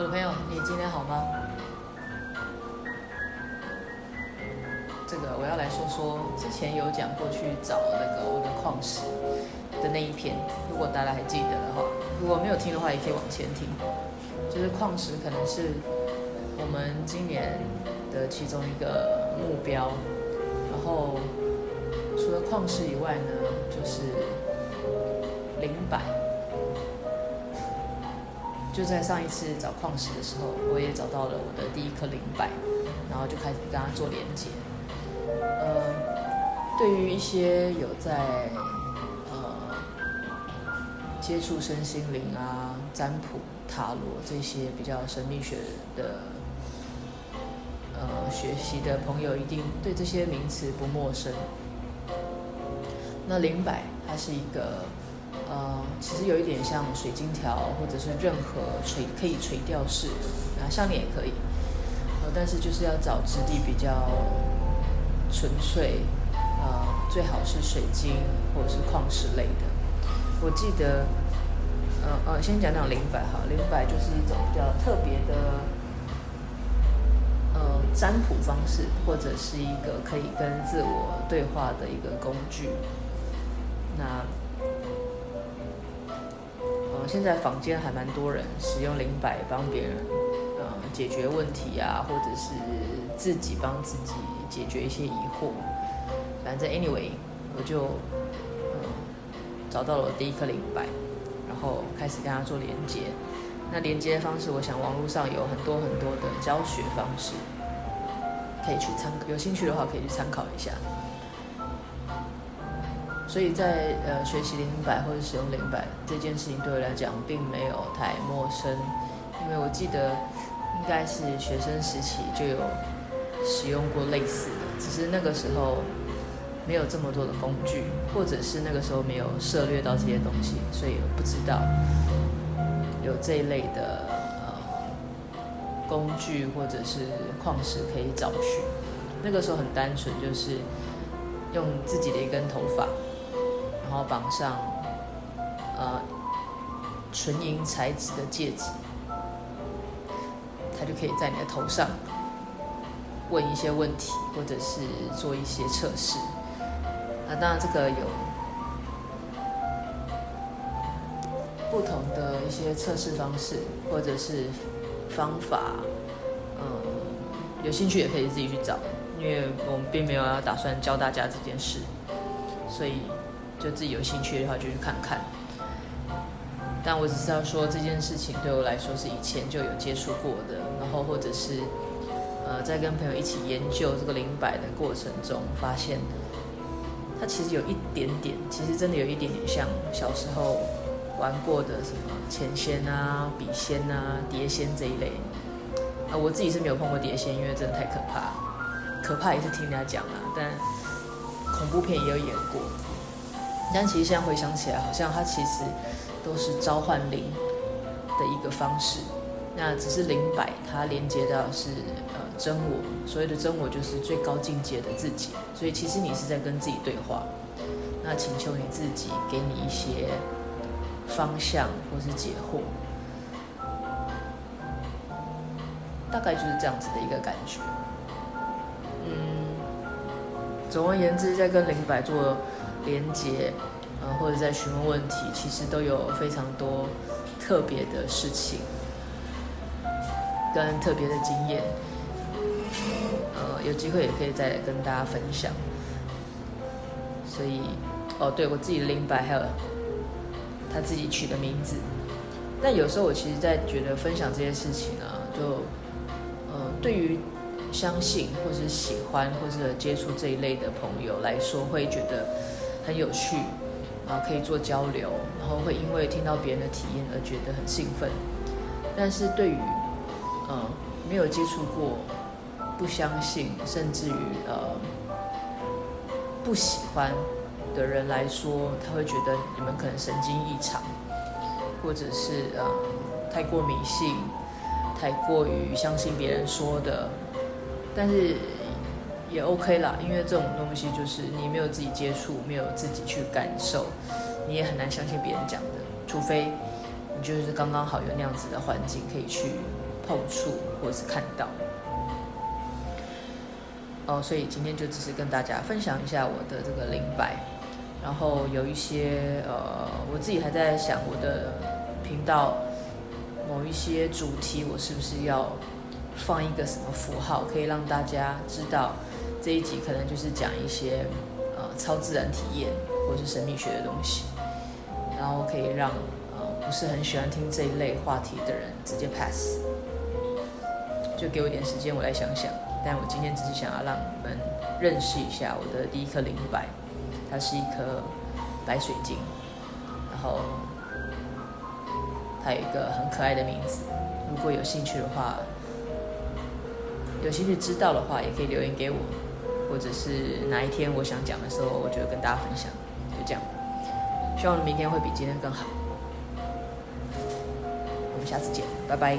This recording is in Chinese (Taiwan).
我的朋友，你今天好嗎？這個我要來說說之前有講過去找那個我的礦石的那一篇，如果大家還記得的話，如果沒有聽的話，也可以往前聽。就是礦石可能是我們今年的其中一個目標，然後除了礦石以外呢，就是靈擺。就在上一次找礦石的時候，我也找到了我的第一顆靈擺，然後就開始跟它做連接。呃，對於一些有在呃接觸身心靈啊、占卜、塔羅這些比較神秘學的呃學習的朋友，一定對這些名詞不陌生。那靈擺，它是一個。呃，其實有一點像水晶條，或者是任何垂可以垂吊式，然後項鏈也可以。呃，但是就是要找質地比較純粹，呃，最好是水晶或者是礦石類的。我記得，呃呃，先講講靈擺哈，靈擺就是一種比較特別的，呃，占卜方式，或者是一個可以跟自我對話的一個工具。那。現在房間還蠻多人使用靈擺幫別人，嗯，解決問題啊，或者是自己幫自己解決一些疑惑。反正 anyway，我就嗯找到了我第一顆靈擺，然後開始跟它做連接。那連接方式，我想網絡上有很多很多的教學方式，可以去參考。有興趣的話可以去參考一下。所以在呃學習靈擺或者使用靈擺這件事情對我來講並沒有太陌生，因為我記得應該是學生時期就有使用過類似的，只是那個時候沒有這麼多的工具，或者是那個時候沒有涉獵到這些東西，所以不知道有這一類的呃工具或者是礦石可以找尋。那個時候很單純，就是用自己的一根頭髮。然後綁上，呃，純銀材質的戒指，它就可以在你的頭上問一些問題，或者是做一些測試。啊，那這個有不同的一些測試方式或者是方法，嗯，有興趣也可以自己去找，因為我們並沒有要打算教大家這件事，所以。就自己有興趣的話，就去看看。但我只是要說這件事情對我來說是以前就有接觸過的，然後或者是呃，在跟朋友一起研究這個靈擺的過程中發現，它其實有一點點，其實真的有一點點像小時候玩過的什麼錢仙啊、筆仙啊、碟仙這一類。啊，我自己是沒有碰過碟仙，因為真的太可怕。可怕也是聽人家講啊，但恐怖片也有演過。但其實現在回想起來，好像它其實都是召喚靈的一個方式。那只是靈擺，它連接到是呃真我。所謂的真我，就是最高境界的自己。所以其實你是在跟自己對話，那請求你自己給你一些方向或是解惑。大概就是這樣子的一個感覺。嗯，總而言之，在跟靈擺做。連接、呃，或者在詢問問題，其實都有非常多特別的事情跟特別的經驗，呃、有機會也可以再跟大家分享。所以，哦，對我自己的靈擺，還有他自己取的名字，但有時候我其實，在覺得分享這些事情呢、啊，就、呃，對於相信，或是喜歡，或是接觸這一類的朋友來說，會覺得。很有趣啊，可以做交流，然後會因為聽到別人的體驗而覺得很興奮。但是對於嗯、呃、沒有接觸過、不相信甚至於、呃、不喜歡的人來說，他會覺得你們可能神經異常，或者是、呃、太過迷信、太過於相信別人說的。但是。也 OK 啦，因為這種東西就是你沒有自己接觸，沒有自己去感受，你也很難相信別人講的，除非你就是剛剛好有那樣子的環境可以去碰觸或是看到。哦，所以今天就只是跟大家分享一下我的這個靈擺，然後有一些呃，我自己還在想我的頻道某一些主題，我是不是要放一個什麼符號可以讓大家知道。這一集可能就是講一些，呃，超自然體驗或是神秘學的東西，然後可以讓，呃，不是很喜歡聽這一類話題的人直接 pass，就給我一點時間，我來想想。但我今天只是想要讓你們認識一下我的第一顆靈擺，它是一顆白水晶，然後它有一個很可愛的名字。如果有興趣的話，有興趣知道的話，也可以留言給我。或者是哪一天我想講的時候，我就跟大家分享，就這樣。希望明天會比今天更好。我們下次見，拜拜。